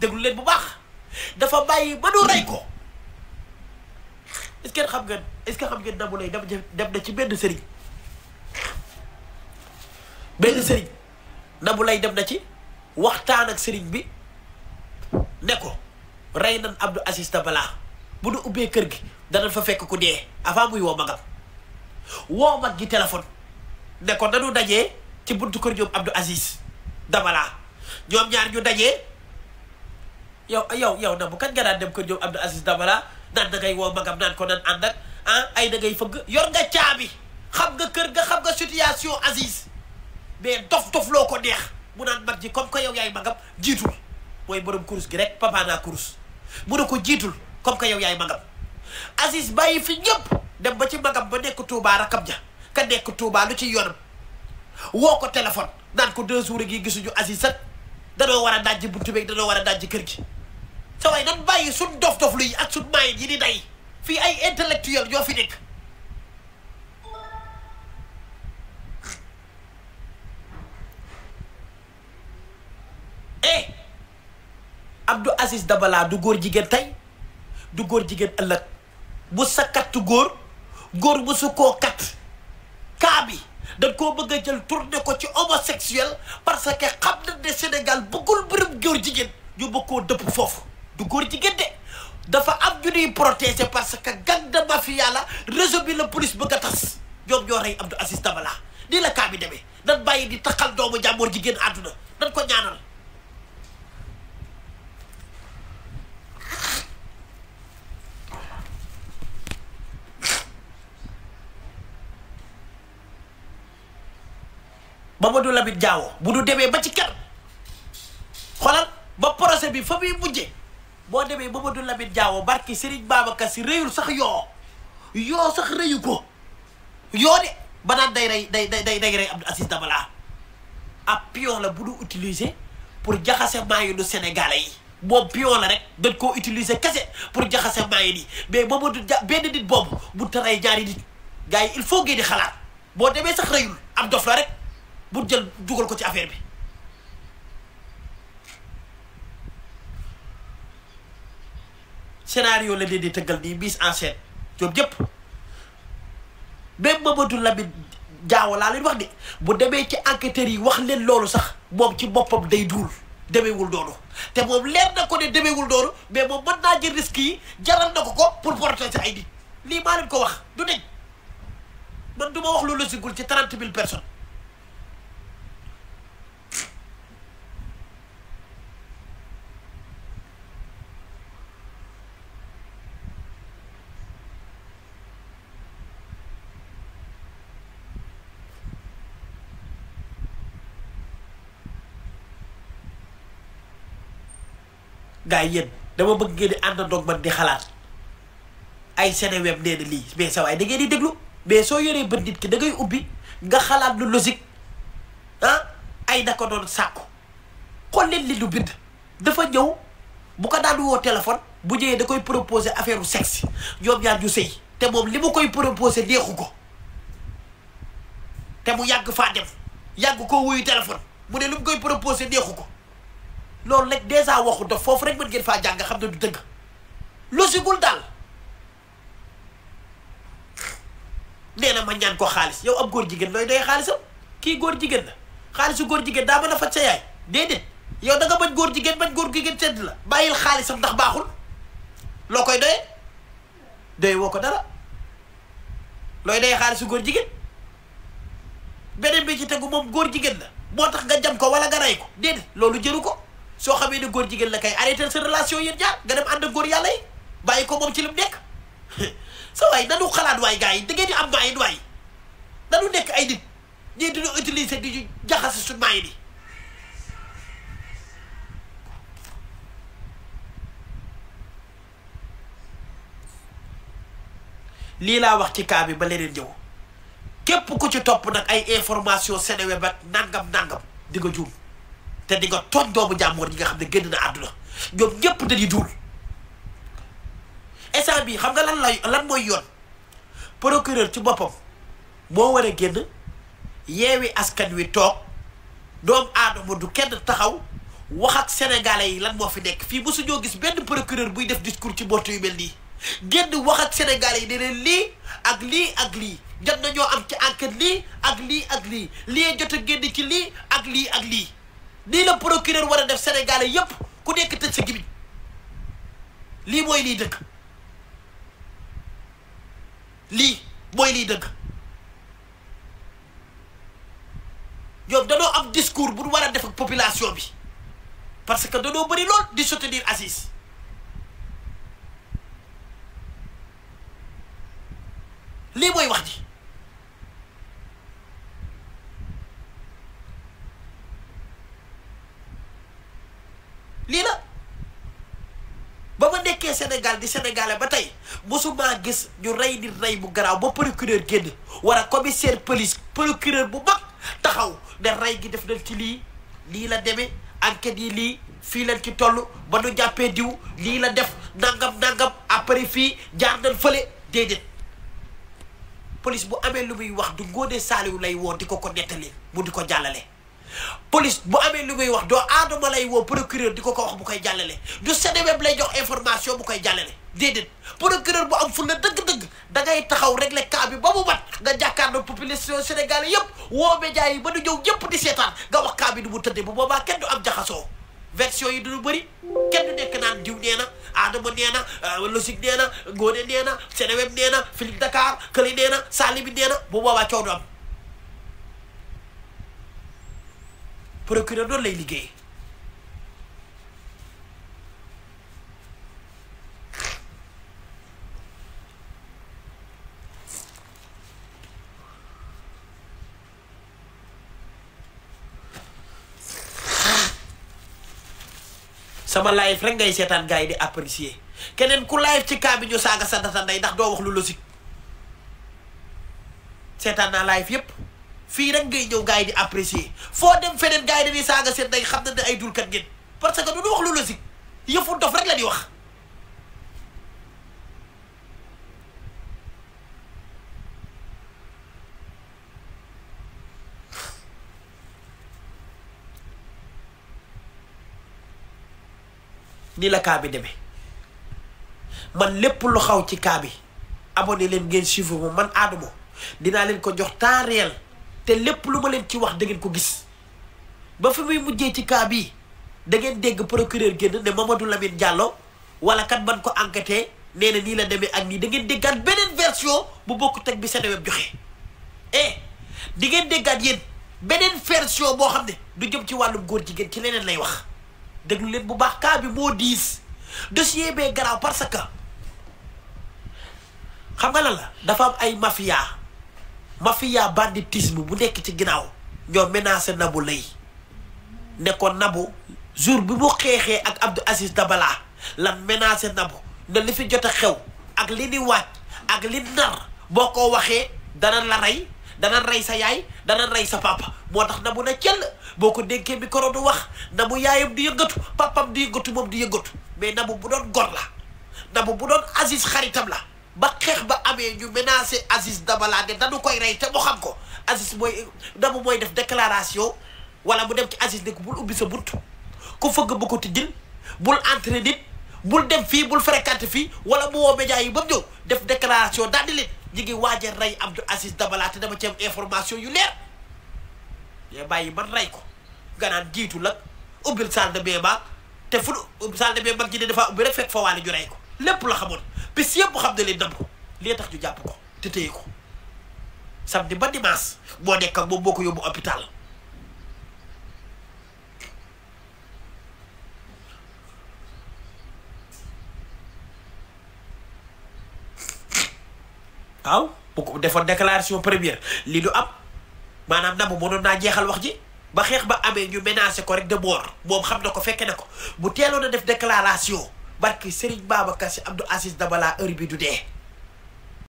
déglu leen bu baax dafa bàyyi ba du rey ko est xam nga est-ce que xam ngeen Nabou Leye dem dem na ci benn sëriñ benn sëriñ Nabou Leye dem na ci waxtaan ak sëriñ bi ne ko rey nan Abdou Aziz Dabala bu nu ubbee kër gi dana fa fekk ku dee avant muy woo magam woo mag gi téléphone ne ko nanu dajee ci buntu kër ñoom Abdou asis Dabala ñoom ñaar ñu dajee yow yow yow na bu kañ nga daan dem kër ñoom Abdou Aziz Dabala naan da ngay woo magam naan ko naan ànd ak ah ay da ngay fëgg yor nga caabi xam nga kër nga xam nga situation Aziz mais dof dof ko neex mu naan mag comme que yow yaay magam jiitul mooy borom course gi rek papa naa course ko jiitul comme que yow yaay magam Aziz bàyyi fi ñëpp dem ba ci magam ba nekk Touba rakam ja ka nekk Touba lu ci yoonam woo ko téléphone naan ko deux jours yi gisuñu Aziz sax danoo war a dajji buntu beeg danoo war a dajji kër gi. sa waay nan bàyyi suñ dof-dof luy ak suñ maayit yi di day fii ay intellectuel yoo fi nekk eh Abdou Aziz Dabala du góor jigéen tey du góor jigéen ëllëg bu sa kattu góor góor bu su koo kat kaa bi dañ koo bëgg a jël tourné ko ci homosexuel parce que xam na ne Sénégal bëggul bërëb góor jigéen ñu bëgg koo dëpp foofu du góor jigéen de dafa am ñu ñuy protéger parce que gang de mafia la réseau bi la police bëgg a tas ñoom ñoo rey Abdou Aziz Dabala nii la kaa bi demee nan bàyyi di taxal doomu jàmboor jigéen àdduna nan ko ñaanal Mamadou Lamine Diawo bu du demee ba ci kër xoolal ba procès bi fa muy mujje boo demee Mamadou Lamine Diawo barki Serigne Babacar si rëyul sax yoo yoo sax rëyu ko yoo de ba day rey day day day rey Abdou Aziz Dabala ab pion bu nu utiliser pour jaxase maayu nu Sénégalais yi moom pion la rek dañ koo utiliser kese pour jaxase maayu nii mais Mamadou Dia benn nit boobu bu taray ñaari nit gars yi il faut ngeen di xalaat boo demee sax rëyul ab dof rek bu jël dugal ko ci affaire bi. scénario la dee di tëggal di bis en scène ñoom yëpp même Mamadou Lamine Diaw laa leen wax de bu demee ci enquêteurs yi wax leen loolu sax moom ci boppam day duul demeewul doonu te moom leer nag ko ne demeewul doonu mais moom mën naa jël risque yi jaral na ko ko pour protéger ay di lii maa leen ko wax du deñ man du wax lu la sigul ci trente mille personnes gars yi yéen dama bëgg ngeen di àndandoog man di xalaat ay Seneweb nee na lii mais sa waay da ngeen di déglu mais soo yoree bët nit ki da ngay ubbi nga xalaat lu logique ah, ay na ko doon sàkku xool li lu bind dafa ñëw bu ko daan woo téléphone bu ñëwee da koy proposé affaire u sexe ñoom ñaar ñu sëy te moom li mu koy proposé neexu ko te mu yàgg faa dem yàgg koo woyu téléphone mu ne lu mu koy proposé neexu ko loolu rek dèjà waxu dof foofu rek mën ngeen faa jàng xam ne du dëgg losigul daal nee na ma ñaan ko xaalis yow ab góor jigéen looy doy xaalisam kii góor jigéen la xaalisu góor jigéen daa mën a faj sa yow da bañ góor jigéen bañ góor jigéen tedd la bàyyil xaalisam ndax baaxul loo koy doyee doy woo ko dara looy doyee xaalisu góor jigéen beneen bi ci tegu moom góor jigéen la moo tax nga jam ko wala nga rey ko déedéet loolu jëru ko soo xamee ne góor jigéen la kay arrêté sa relation yéen ñaar nga dem ànd ak góor yàlla yi bàyyi ko moom ci li mu nekk sa waay nanu xalaat waay gars yi da ngeen am maayit ay nit ñii dina utiliser di ñu jaxase suñu maayit yi lii laa wax ci cas bi ba leneen ñëw képp ku ci topp nag ay information Seneweb ak nangam nangam di nga juum te di nga tooñ doomu jàmmoor yi nga xam ne génn na àdduna ñoom ñëpp dañuy duul instant bi xam nga lan lay lan mooy yoon procureur ci boppam moo war a génn yeewi askan wi toog doomu aadama du kenn taxaw wax ak sénégalais yi lan moo fi nekk fii mosuñoo gis benn procureur buy def discours ci mbootu yu mel nii génn wax ak sénégalais yi ne leen lii ak lii ak lii jot nañoo am ci enquête lii ak lii ak lii lii jot a génn ci lii ak lii ak lii lii la procureur war a def sénégalais yépp ku nekk tëj sa gémmiñ lii mooy lii dëgg lii mooy lii dëgg ñoom danoo am discours bu ñu war a def population bi parce que danoo bari lool di soutenir Aziz lii la ba ma nekkee Sénégal di sénégalais ba tey mosuma gis ñu rey nit rey bu garaaw ba procureur génn war a commissaire police procureur bu mag taxaw ne rey gi def nañ ci lii lii la demee enquête yi lii fii lañ ci toll ba nu jàppee diw lii la def nangam nangam après fii jaar nañ fële déedéet police bu amee lu muy wax du Ngoné Saliou lay woo di ko ko nettali mu di ko jàllale. police bu amee lu muy wax doo aadama lay woo procureur di ko ko wax bu koy jàllale du Seneweb lay jox information bu koy jàllale déedéet procureur bu am fu la dëgg-dëgg dangay taxaw régler cas bi ba mu mat nga jàkkaarloo population sénégal yëpp woo média yi ba nu ñëw ñëpp di seetaan nga wax cas bi du mu tëddee bu boobaa kenn du am jaxasoo version yi duñu bëri kenn du nekk naan diw nee na Adama nee na euh, logique nee na Ngone nee na Seneweb nee na Feeling Dakar kële nee na Salim nee na bu boobaa coow du procureur doon lay liggéey sama live rek ngay seetaan gaay yi di apprécier keneen ku live ci cas bi ñu saaga sa data ndey ndax doo wax lu logique seetaan naa live yépp fii rek ngay ñëw gars yi di apprécier foo dem feneen gars yi dañuy saaga seen day xam na ne ay dulkat ngeen parce que du ñu wax lu logique yëfu la di wax ni la kaa bi demee man lépp lu xaw ci kaa bi abonné leen ngeen suivre mu man Adamo dinaa leen ko jox temps réel te lépp lu ma leen ci wax dangeen ko gis ba fi muy mujjee ci cas bii da ngeen dégg procureur génn ne du Lamine Diallo wala kat ban ko enquêté nee na nii la demee ak nii da ngeen déggaat beneen version bu bokk teg bi Seneweb joxe eh di ngeen déggaat yéen beneen version boo xam ne du jëm ci wàllum góor jigéen ci leneen lay wax déglu leen bu baax cas bi moo diis dossier bee garaaw parce xam nga lan la dafa am ay mafiya mafia banditisme bu nekk ci ginnaaw ñoo menacé Nabou Leye nekkoon ko Nabou jour bi mu xeexee ak Abdou Aziz Dabala lan menacé Nabou ne li fi jot a xew ak li ni waaj ak li nar boo ko waxee dana la rey dana rey sa yaay dana rey sa papa moo tax Nabou na cell boo ko bi micro du wax Nabou yaayam di yëngatu papam di yëngatu moom di yëngatu mais Nabou bu doon gor la Nabou bu doon Aziz xaritam la ba xeex ba amee ñu menacé Aziz Dabala ne dañu koy rey te mu xam ko Aziz mooy damu mooy def déclaration wala mu dem ci Aziz ne ko bul ubbi sa bunt ku fëgg bu ko tijjil bul entrer nit bul dem fii bul fréquenter fii wala mu woo média yi ba ñëw def déclaration daal di leen ñu ngi waaj a rey Abdou Aziz Dabala te dama ci am information yu leer mais bàyyi man rey ko nga naan jiitu la ubbil salle de bain te fu ubbi salle de bain mag dafa ubbi rek fekk fa waale ko lépp la xamoon. bis yëpp xam ne leen nan ko lee tax ñu jàpp ko te téye ko samedi ba dimanche moo nekk ak moom boo ko yóbbu hôpital waaw bu ko defoon déclaration première lii du am maanaam namm mënoon naa jeexal wax ji ba xeex ba amee ñu menacé ko rek de mort moom xam na ko fekke na ko bu teeloo na def déclaration barki Serigne Babacar Sy Abdou Aziz Dabala heure bi du dee